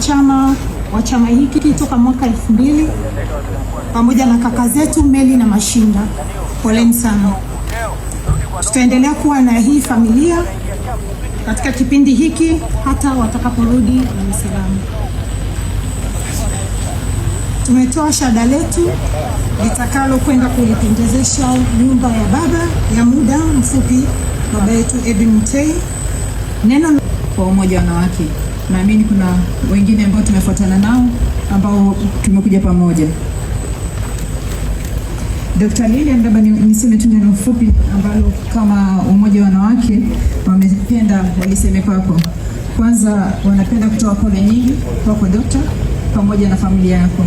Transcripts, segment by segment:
wanachama wa chama hiki toka mwaka elfu mbili pamoja na kaka zetu Meli na Mashinda, poleni sana. Tutaendelea kuwa na hii familia katika kipindi hiki hata watakaporudi Dar es Salaam. Tumetoa shada letu litakalo kwenda kulipendezesha nyumba ya baba ya muda mfupi baba yetu Edwin Mtei. Neno kwa umoja wanawake naamini kuna wengine ambao tumefuatana nao ambao tumekuja pamoja. Dr. Lilian, labda niseme tu neno fupi ambalo kama umoja wa wanawake wamependa waliseme kwako. Kwanza wanapenda kutoa pole nyingi kwako dokta, pamoja na familia yako,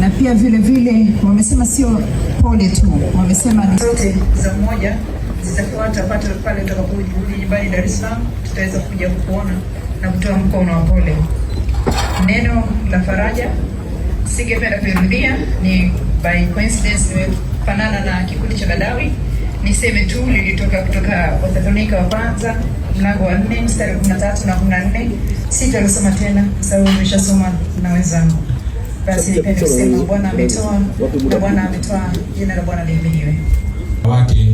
na pia vile vile wamesema sio pole tu, wamesema zote za mmoja zitafuata pale utakaporudi nyumbani Dar es Salaam, tutaweza kuja kukuona na kutoa mkono wa pole. Neno la faraja singependa kuirudia, ni by coincidence nimefanana na kikundi cha Badawi. Niseme tu lilitoka kutoka Wathesalonika wa kwanza mlango wa 4 mstari wa 13 na 14. Sitalisoma tena kwa sababu nimeshasoma na wenzangu. Basi nipende kusema Bwana ametoa na Bwana ametoa, jina la Bwana lihimidiwe. Wake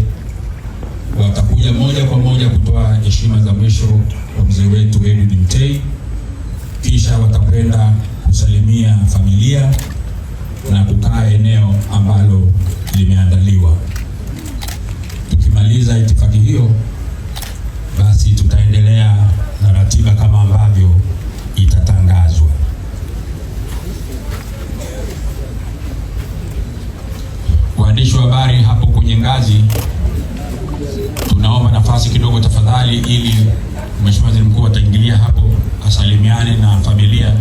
watakuja moja kwa moja kutoa heshima za mwisho kwa mzee wetu Edwin Mtei, kisha watakwenda kusalimia familia na kukaa eneo ambalo limeandaliwa. Tukimaliza itifaki hiyo, basi tutaendelea na ratiba kama ambavyo itatangazwa. Waandishi wa habari hapo kwenye ngazi tafadhali, ili Mheshimiwa Waziri Mkuu ataingilia hapo asalimiane na familia.